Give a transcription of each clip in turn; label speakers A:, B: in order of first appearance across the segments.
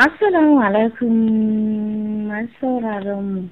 A: Assalamu alaikum masu sauraron mu.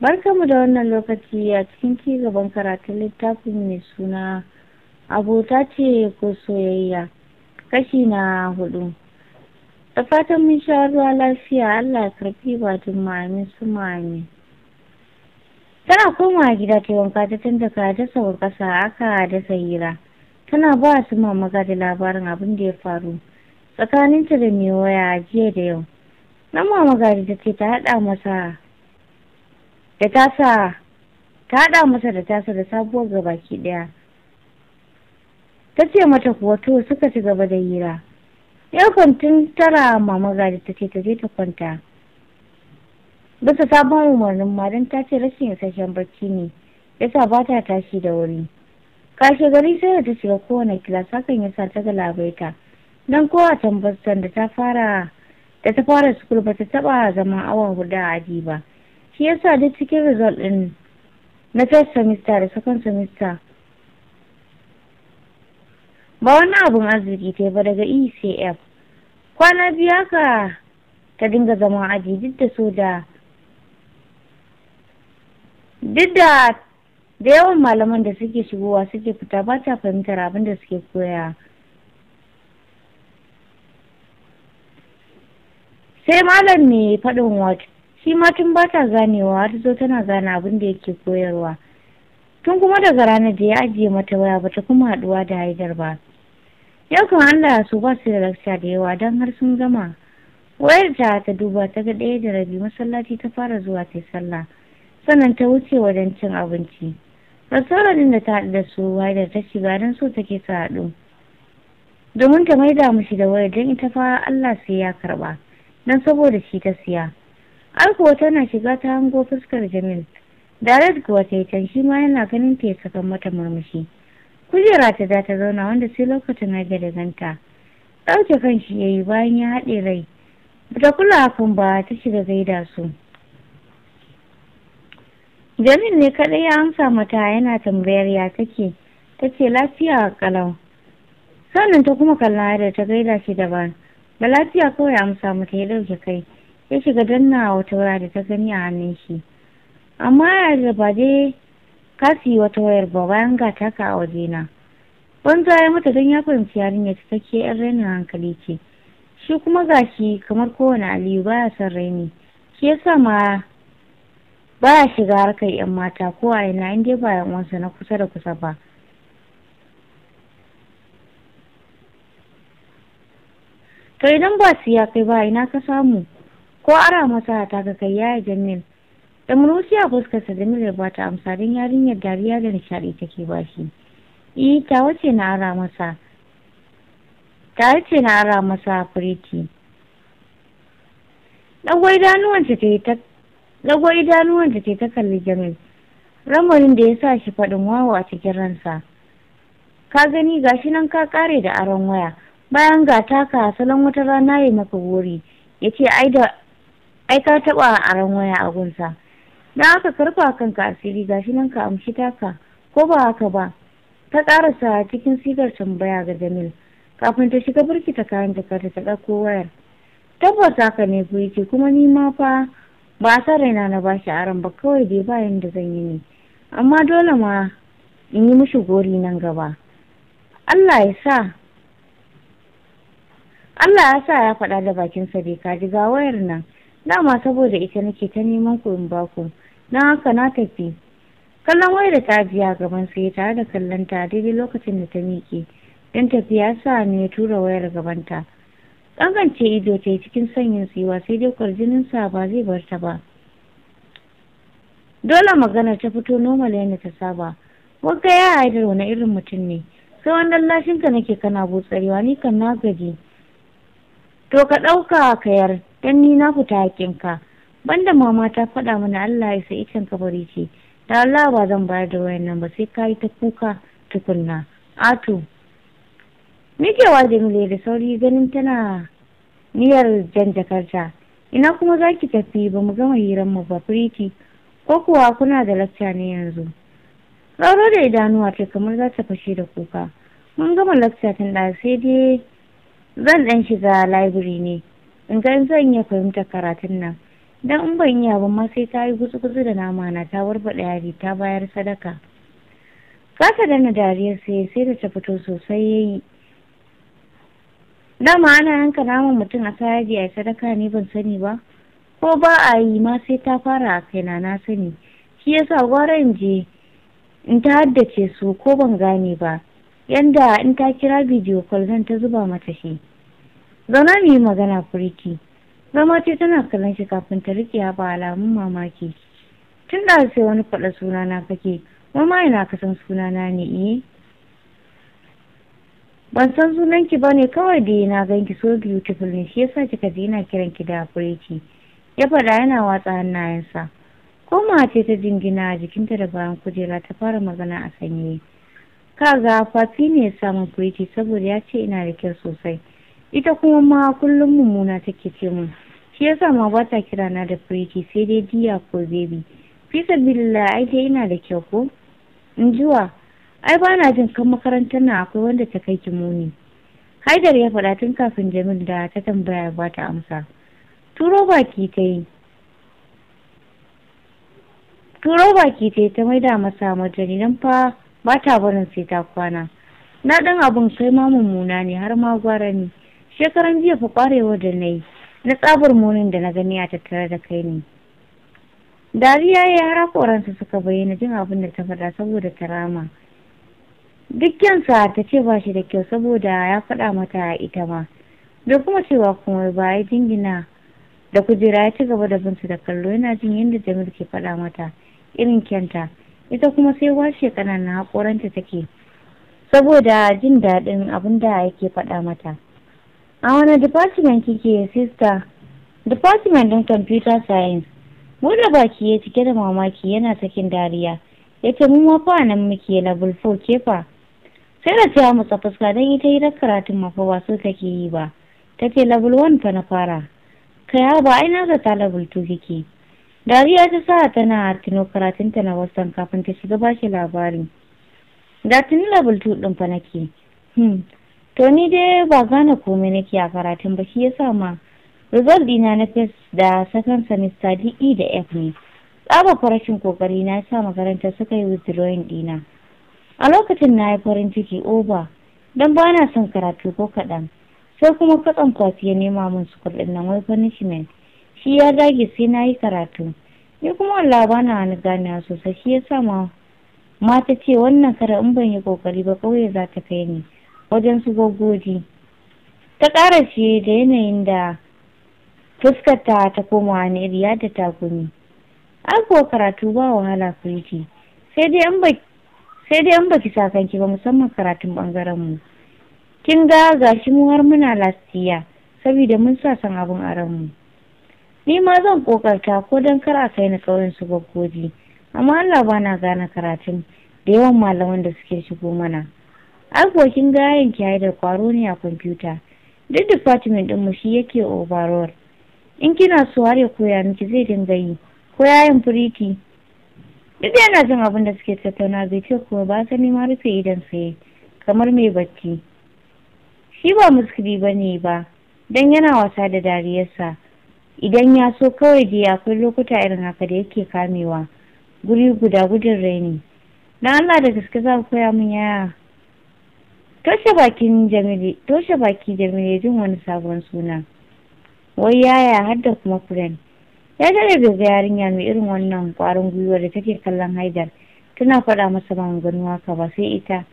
A: da wannan lokaci a cikin ci gaban karatun littafin mai suna abota ce ko soyayya kashi na hudu. Da fatan mun sha ruwa lafiya Allah karfi batun mami su mami. Tana koma gida ta wanka ta tun dasa ta sauka kasa aka dasa hira. Tana ba su mamaka da labarin abin da ya faru. tsakanin ta da mai waya jiya da yau nan mama gari ta ce ta haɗa masa da tasa da tasa da sabuwar gabaki ɗaya ta ce mata kuwa to suka ci gaba da hira yau kan tun tara mama gari ta ce ta je ta kwanta bisa sabon umarnin madan ta ce rashin isasshen barci ne yasa ba ta tashi da wuri kashe gari sai da ta shiga kowane kilas hakan yasa ta ga labaita don kowa tambastan da ta fara da ta fara school ba ta taba zama awa hudu a aji ba shi yasa duk cikin result din na first semester da second semester ba wani abun arziki ta ba daga ecf kwana biya ka ta dinga zama aji duk da so da duk da da yawan malaman da suke shigowa suke fita ba ta fahimtar abin da suke koya sai malam ne faɗin wat shi ma tun ba ta ganewa ta zo tana gane abin da yake koyarwa tun kuma daga ranar da ya ajiye mata waya ba ta kuma haɗuwa da haidar ba yau kan allah su ba su da lakta da yawa don har sun gama wayar ta ta duba ta ga ɗaya da rabi masallaci ta fara zuwa ta sallah sannan ta wuce wajen cin abinci restaurant da ta haɗu da su haidar ta shiga don so take sa haɗu domin ta maida mishi da wayar don ita fa allah sai ya karɓa don saboda shi ta siya har kuwa tana shiga ta hango fuskar jamil darat kuwa ta yi can shi ma yana ganin ta ya saka mata murmushi kujera ta za ta zauna wanda sai lokacin na da ganta ɗauke kan shi ya yi bayan ya haɗe rai bata kula hakan ba ta shiga gaida su jamil ne kaɗai ya amsa mata yana tambayar ya take ta ce lafiya kalau sannan ta kuma kalla da ta gaida shi daban da lafiya kawai amsa mata ya ɗauke kai ya shiga danna wata waya da ta gani a hannun shi amma ya da ba dai kasi wata wayar ba bayan ga taka a na. banza ya mata don ya fahimci yarinya ta take yan rainin hankali ce shi kuma ga shi kamar kowane aliyu baya son raini shi sa ma baya shiga harkar yan mata ko a ina in dai ba yan uwansa na kusa da kusa ba to idan ba su ya kai ba ina ka samu ko ara masa ta ga kai yaya jamil da a fuskarsa jamil ba bata amsa don yarinyar dariya da nishaɗi take ba shi eh ta wace na ara masa ta ce na ara masa firiti ta kalli jamil ramarin da ya sa shi faɗin wawo a cikin ransa ka gani gashi nan ka ƙare da aron waya bayan ga taka salon wata rana ya maka gori ya ce ai da ka taɓa aron waya a gunsa don haka karfa kanka asiri ga shi nan ka amshi taka ko ba haka ba ta ƙarasa cikin sigar tambaya ga jamil kafin ta shiga birkita kayan jakarta ta ɗauko wayar tabbas haka ne ku ce kuma ni ma fa ba sa raina na ba shi aron ba kawai dai ba da zan yi ne amma dole ma in yi mishi gori nan gaba Allah ya sa Allah ya sa ya faɗa da bakin sa bai kaji wayar nan dama saboda ita nake ta neman ku in ba ku haka na tafi kallon wayar da ta biya gaban sai tare da kallon ta daidai lokacin da ta miƙe don tafiya sa ni ya tura wayar gabanta ƙangance ido ta cikin sanyin tsiwa sai dai kwarjinin sa ba zai bar ta ba dole maganar ta fito normal yadda ta saba wagga ya haidar wani irin mutum ne sai wannan lashinka nake kana butsarewa ni kan na gaji to ka ɗauka ka yar dan ni na fita hakinka banda mama ta faɗa mana Allah ya sa ikin kabari ce da Allah ba zan bayar da wayannan ba sai ka yi ta kuka tukunna ato miƙewa Jamile da sauri ganin tana niyyar jan jakarta ina kuma za ki tafi ba mu gama hirar mu ba firiti ko kuwa kuna da lacca ne yanzu Rauro da idanuwa ce kamar za ta fashe da kuka mun gama lacca tun da sai dai zan ɗan shiga library ne in ga zan iya fahimtar karatun nan dan in ban iya ba ma sai ta yi gutsu-gutsu da nama na ta warbaɗa yari ta bayar sadaka kasa dana dariyar sai sai da ta fito sosai ya yayi dama ana yanka naman mutum a sayaji a sadaka ne ban sani ba ko ba a yi ma sai ta fara a kaina na sani shi yasa gwara in je in ta haddace su ko ban gane ba yanda in ta kira bidiyo kwal zan ta zuba mata shi zauna mu yi magana furiki zama ce tana kallon shi kafin ta riƙe ba alamun mamaki tun da sai wani faɗa sunana kake mama yana kasan na ne iye eh? ban san sunanki ba ne kawai da na ganki so beautiful ne shi yasa kika ji ina kiran ki da furiki ya faɗa yana watsa hannayensa ko ce ta jingina a jikinta da bayan kujera ta fara magana a sanyi. ga fafi ne ya samu firiji saboda ya ce ina da kyau sosai ita kuma ma kullum mummuna take ce mun shi yasa ma ba ta kira na da firiji sai dai diya ko bebi Fisa billa ai dai ina da kyau ko in jiwa ai ba na jin kan makarantar nan akwai wanda ta kai ki muni haidar ya faɗa tun kafin jamil da ta tambaya ba ta amsa turo baki ta yi turo baki ta yi ta maida masa majalinan fa ba ta barin sai ta kwana na ɗan abin kai ma mummuna ne har ma gwara ne shekaran jiya fa kwarewa da na yi na tsabar munin da na gani a tattare da kai ne dariya ya har haƙoransa suka bayyana jin abin da ta faɗa saboda tarama sa ta ce ba shi da kyau saboda ya faɗa mata a ita ma da kuma cewa kuma ba ya jingina da kujera ya ci gaba da binsu da kallo yana jin yadda jamil ke faɗa mata irin kyanta ita kuma sai washe kanana haƙoranta take saboda jin daɗin abin da yake faɗa mata a wani department kike sista department ɗin computer science Muda baki ya cike da mamaki yana sakin dariya ya ce mun mafa nan muke level 4 kefa sai da ta mutsa fuska don ita yi karatun mafa ba so take yi ba ta ce level 1 fa na fara kai ba ai na ta level 2 kike dariya ta sa tana tuno karatunta na wasan kafin ta shiga bashi labarin da tuni labar tuɗin fa nake hmm. to ni dai ba gane komai nake a karatun ba shi ya sa ma result dina na fes da second semester E da F ne tsaba farashin kokari na sa makaranta suka yi withdrawing dina a lokacin na yi farin ciki oba don ba na son karatu ko kaɗan sai kuma katsan kwafi ya nema min su kuɗin nan wai punishment shi ya dage sai na yi karatu ya kuma wallahi ba wani gane sosai shi ya sa ma mata ce wannan kara in ban yi kokari ba kauye za ta kai ni wajen su goggoji ta ƙara shi da yanayin da fuskarta ta ta koma wani iri ya da takumi kuwa karatu ba wahala ku yi ce sai dai an baki sakanki ba musamman karatun bangaren mu kin ga gashi mu har muna lastiya saboda mun sa san abin aron mu ni ma zan kokarta ko don kar a kai ni kauyen su gwaggodi amma Allah ba na gane karatun da yawan malaman da suke shigo mana abokin gayan kiyaye da kwaro ne a kwamfuta duk department din mu shi yake overall in kina so har ya koya miki zai dinga yi ko yayin firiti duk yana jin abin da suke tattauna zai ce kuma ba sani ma rufe idan sai kamar mai bacci shi ba muskili ba ne ba don yana wasa da dariyarsa idan ya so kawai da ya akwai lokuta irin haka da yake kamewa guri guda gudun raini Na allah da gaske za ku koya min yaya toshe bakin jamilu toshe baki jamile jin wani sabon suna wai yaya har da kuma furen ya dare da ga yarinya mai irin wannan kwarin gwiwa da take kallon haidar tana faɗa masa maganganu haka ba sai ita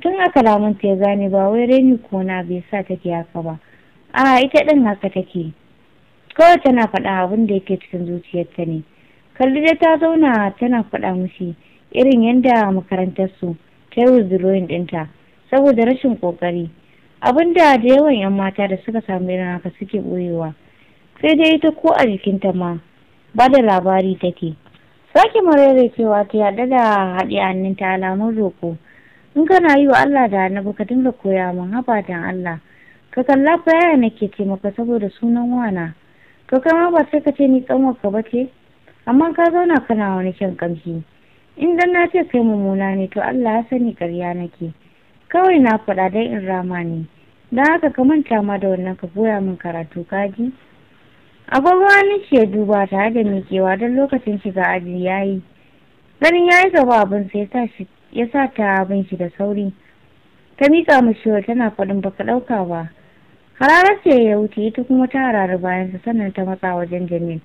A: tun aka ramanta ya gane ba wai raini ko na bai sa take haka ba a ita ɗin haka take kawai tana faɗa abin da yake cikin zuciyarta ne khadija ta zauna tana faɗa mushi irin yadda makarantarsu ta yi wuzuroyin ɗinta saboda rashin ƙoƙari abin da da yawan 'yan mata da suka samu irin haka suke ɓoyewa sai dai ita ko a jikinta ma ba da labari take sake marere cewa ta yaɗa da haɗe hannunta alamun roƙo in kana yi wa Allah da annabi ka dinga koya min haba dan Allah ka kalla 'ya'ya nake ke taimaka saboda sunan wana to kai ma ba sai ka ce ni ka ba ce amma ka zauna kana wani kyan kamshi in dan na ce kai mummuna ne to Allah ya sani ƙarya nake kawai na faɗa dai in rama ne dan haka ka manta ma da wannan ka goya min karatu kaji agogo wani ke duba tare da miƙewa don lokacin shiga aji ya yi ganin ya yi gaba abin sai ya sa ta bin shi da sauri ta miƙa mishi tana faɗin baka ɗauka ba hararar sai ya wuce ita kuma ta bayan sa sannan ta matsa wajen jamil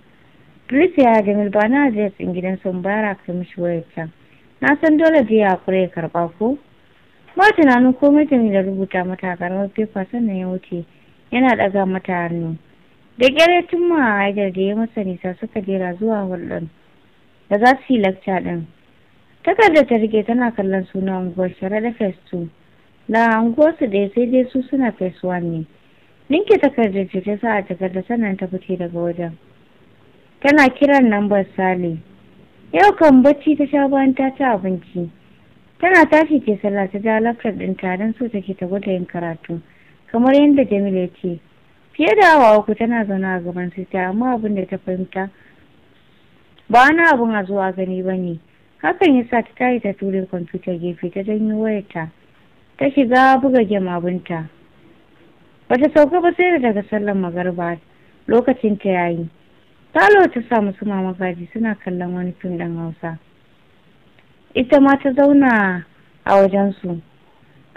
A: Idris ya jamil ba na je tsin gidan sun bara ka mishi wayar can na san dole je ya kure ya karɓa, ko ba tunanin komai jamil da rubuta mata karamar fefa sannan ya wuce yana ɗaga mata hannu da kyare tun ma hajar da ya masa nisa suka jera zuwa hulɗar da za su yi lakca ɗin takardar ta rike tana kallon suna unguwar shara da 2. Na unguwarsu ɗaya sai dai su suna 1 ne ninki takardar ce ta sa a takardar sannan ta fice daga wajen tana kiran lambar sale yau kan bacci ta sha bayan ta ci abinci tana tashi ke sallah ta ja laftar din taron su take ta gwada yin karatu kamar yadda Jamilu ya ce fiye da awa uku tana zaune a gaban su ta, amma abin da ta fahimta ba wani abin a zuwa gani ba ne hakan ya sa ta tashi ta ture kwamfutar gefe ta janyo wayarta ta shiga buga gem abinta wata sauka ba sai daga sallar magarba lokacin ta yayi Falo ta samu su mama gaji suna kallon wani fim ɗin hausa ita ma ta zauna a wajensu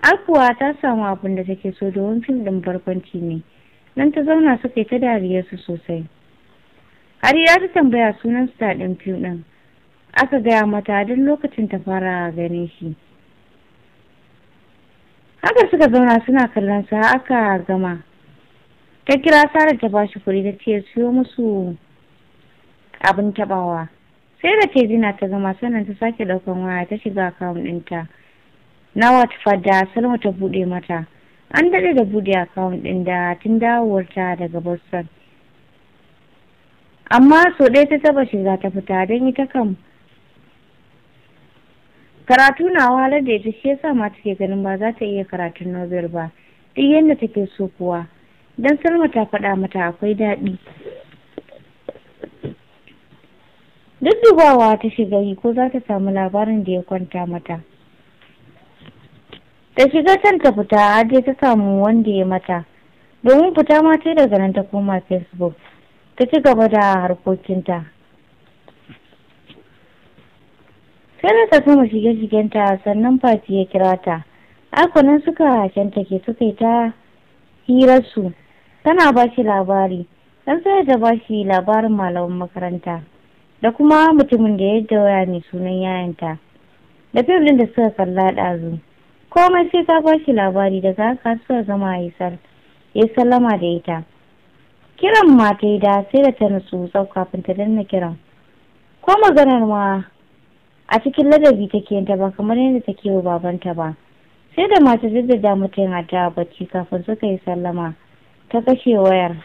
A: alkuwa ta samu abin da take so domin fim ɗin barkwanci ne nan ta zauna suka yi ta dariyarsu sosai har ya ta tambaya sunan su ɗin fim ɗin aka gaya mata duk lokacin ta fara ganin shi haka suka zauna suna kallon sa aka gama ta kira sarah ta bashi kuɗi ta ce siyo musu abin taɓawa. sai da ke jina ta gama sannan ta sake ɗaukan waya ta shiga akawun ɗinta na wata salma ta buɗe mata an daɗe da buɗe akawun ɗin da tun dawowarta daga boston amma so ɗaya ta taba shiga ta fita don ita kam karatu na wahalar da ita shi yasa ma take ganin ba za ta iya karatun nobel ba duk yadda take so kuwa dan salma ta faɗa mata akwai daɗi duk dubawa ta shiga yi ko za ta samu labarin da ya kwanta mata ta shiga can ta fita aje ta samu wanda ya mata domin fita ma ta daga nan ta koma facebook ta ci gaba da harkokinta sai na ta soma shige ta sannan fati ya kira ta nan suka ta ke suka yi ta hirarsu tana ba shi labari dan sai da ba shi labarin malaman makaranta da kuma mutumin da ya waya mai sunan yayanta da fim ɗin da suka kalla ɗazu komai sai ta ba shi labari daga haka suka gama ya sallama da ita kiran mata da sai da ta nutsu sau kafin ta danna kiran ko maganar ma a cikin ladabi take yanta ba kamar yadda take wa babanta ba sai da mata jaddada mata yin addu'a bacci kafin suka yi sallama ta kashe wayar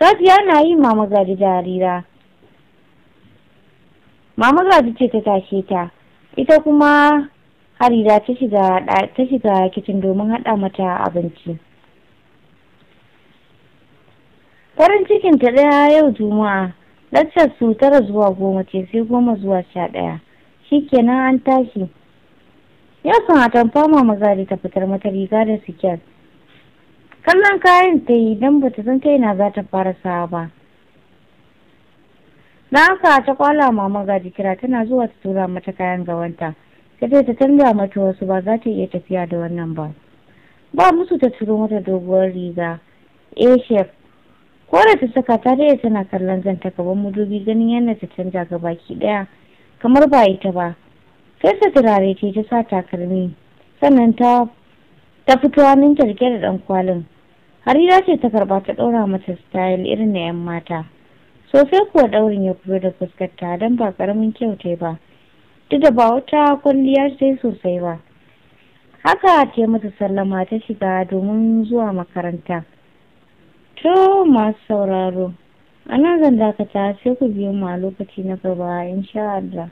A: safiya na yi mama gaji jarira mama gaji ce ta tashe ta ita kuma harira ta shiga kicin domin haɗa mata abinci farin cikin ta ɗaya yau juma'a laccar su tara zuwa goma ce sai goma zuwa sha ɗaya shikenan an tashi yau kan atamfa ma maza ta fitar mata riga da siket. kallon kayan ta yi don bata san kai na za ta fara sawa ba na haka ta kwala mama gadi kira tana zuwa ta tura mata kayan gawanta sai dai ta canza mata wasu ba za ta iya tafiya da wannan ba ba musu ta turo mata doguwar riga a shef ko da ta saka ta daɗe tana kallon zanta ta gaban madubi ganin yadda ta canja baki ɗaya kamar ba ita ba sai ta turare ce ta sa takalmi sannan ta ta fito hannun rike da ɗan kwalin harira ce ta karba ta ɗaura mata style irin na 'yan mata sosai kuwa ɗaurin ya fito da fuskar ta don ba karamin kyau ta ba duk da ba wata kwalliya sai sosai ba haka ta mata sallama ta shiga domin zuwa makaranta To masu sauraro, ana zan dakata sai ku biyo mu a lokaci na gaba insha Allah.